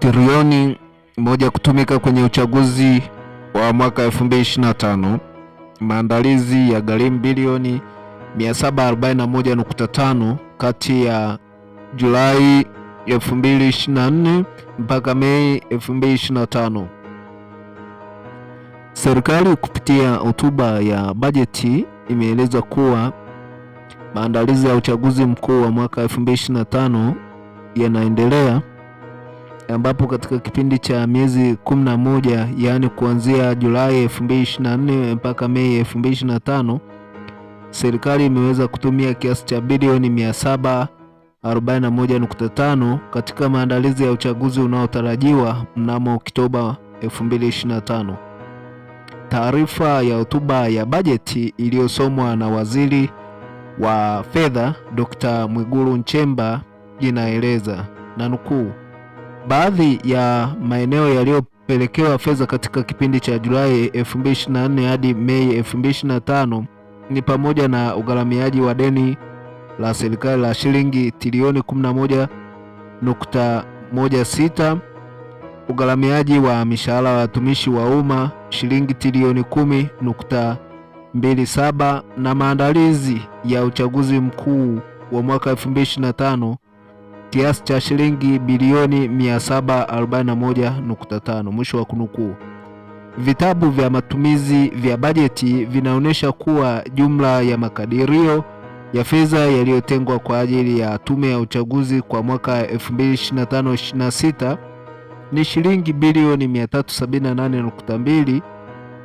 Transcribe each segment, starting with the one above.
trilioni moja kutumika kwenye uchaguzi wa mwaka 2025. Maandalizi ya gharimu bilioni 741.5 kati ya Julai 2024 mpaka Mei 2025. Serikali kupitia hotuba ya bajeti imeeleza kuwa maandalizi ya uchaguzi mkuu wa mwaka 2025 yanaendelea ambapo katika kipindi cha miezi 11 yaani kuanzia Julai 2024 mpaka Mei 2025 serikali imeweza kutumia kiasi cha bilioni 741.5 katika maandalizi ya uchaguzi unaotarajiwa mnamo Oktoba 2025. Taarifa ya hotuba ya bajeti iliyosomwa na Waziri wa Fedha Dr. Mwigulu Nchemba inaeleza na nukuu Baadhi ya maeneo yaliyopelekewa fedha katika kipindi cha Julai 2024 hadi Mei 2025 ni pamoja na ugharamiaji wa deni la serikali la shilingi trilioni 11.16, ugharamiaji wa mishahara ya watumishi wa umma shilingi trilioni 10.27 na maandalizi ya uchaguzi mkuu wa mwaka 2025 kiasi cha shilingi bilioni 741.5, mwisho wa kunukuu. Vitabu vya matumizi vya bajeti vinaonyesha kuwa jumla ya makadirio ya fedha yaliyotengwa kwa ajili ya Tume ya Uchaguzi kwa mwaka 2025/26 ni shilingi bilioni 378.2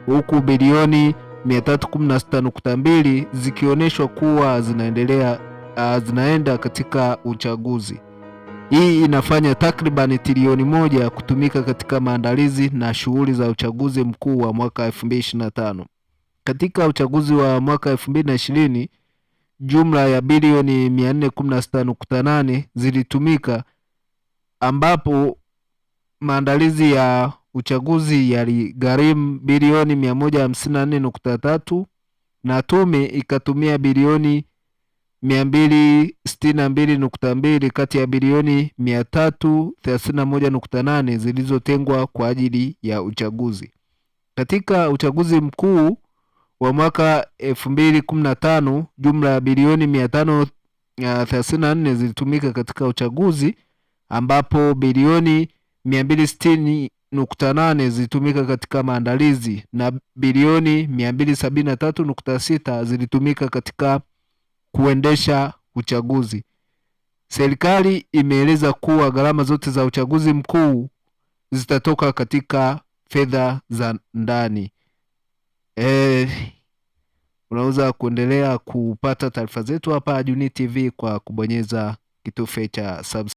huku bilioni 316.2 zikionyeshwa kuwa zinaendelea zinaenda katika uchaguzi. Hii inafanya takribani trilioni moja kutumika katika maandalizi na shughuli za uchaguzi mkuu wa mwaka 2025. Katika uchaguzi wa mwaka 2020, jumla ya bilioni 416.8 zilitumika ambapo maandalizi ya uchaguzi yaligharimu bilioni 154.3 na tume ikatumia bilioni 262.2 kati ya bilioni 331.8 zilizotengwa kwa ajili ya uchaguzi. Katika uchaguzi mkuu wa mwaka 2015, jumla ya bilioni 534 zilitumika katika uchaguzi ambapo bilioni 260.8 zilitumika katika maandalizi na bilioni 273.6 zilitumika katika kuendesha uchaguzi. Serikali imeeleza kuwa gharama zote za uchaguzi mkuu zitatoka katika fedha za ndani. E, unaweza kuendelea kupata taarifa zetu hapa Junii TV kwa kubonyeza kitufe cha subscribe.